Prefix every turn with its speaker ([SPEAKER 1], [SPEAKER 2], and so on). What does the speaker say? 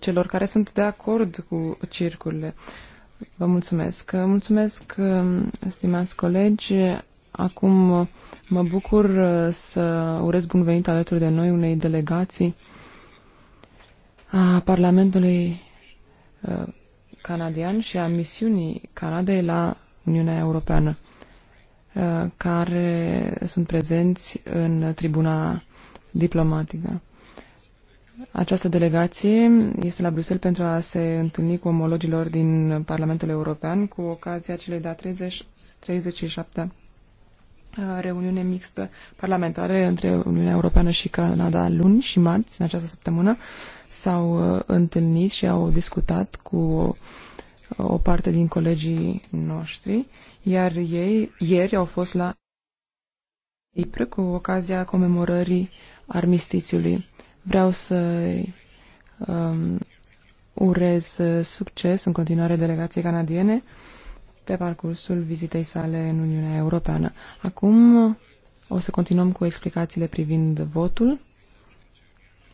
[SPEAKER 1] celor care sunt de acord cu circurile. Vă mulțumesc. Mulțumesc, um, stimați colegi. Acum uh, mă bucur uh, să urez bun venit alături de noi unei delegații a Parlamentului uh, canadian și a misiunii Canadei la Uniunea Europeană, care sunt prezenți în tribuna diplomatică. Această delegație este la Bruxelles pentru a se întâlni cu omologilor din Parlamentul European cu ocazia celei de-a 37 uh, reuniune mixtă parlamentare între Uniunea Europeană și Canada luni și marți, în această săptămână, s-au uh, întâlnit și au discutat cu uh, o parte din colegii noștri, iar ei ieri au fost la Ypres cu ocazia comemorării armistițiului. Vreau să um, urez uh, succes în continuare delegației canadiene pe parcursul vizitei sale în Uniunea Europeană. Acum uh, o să continuăm cu explicațiile privind votul.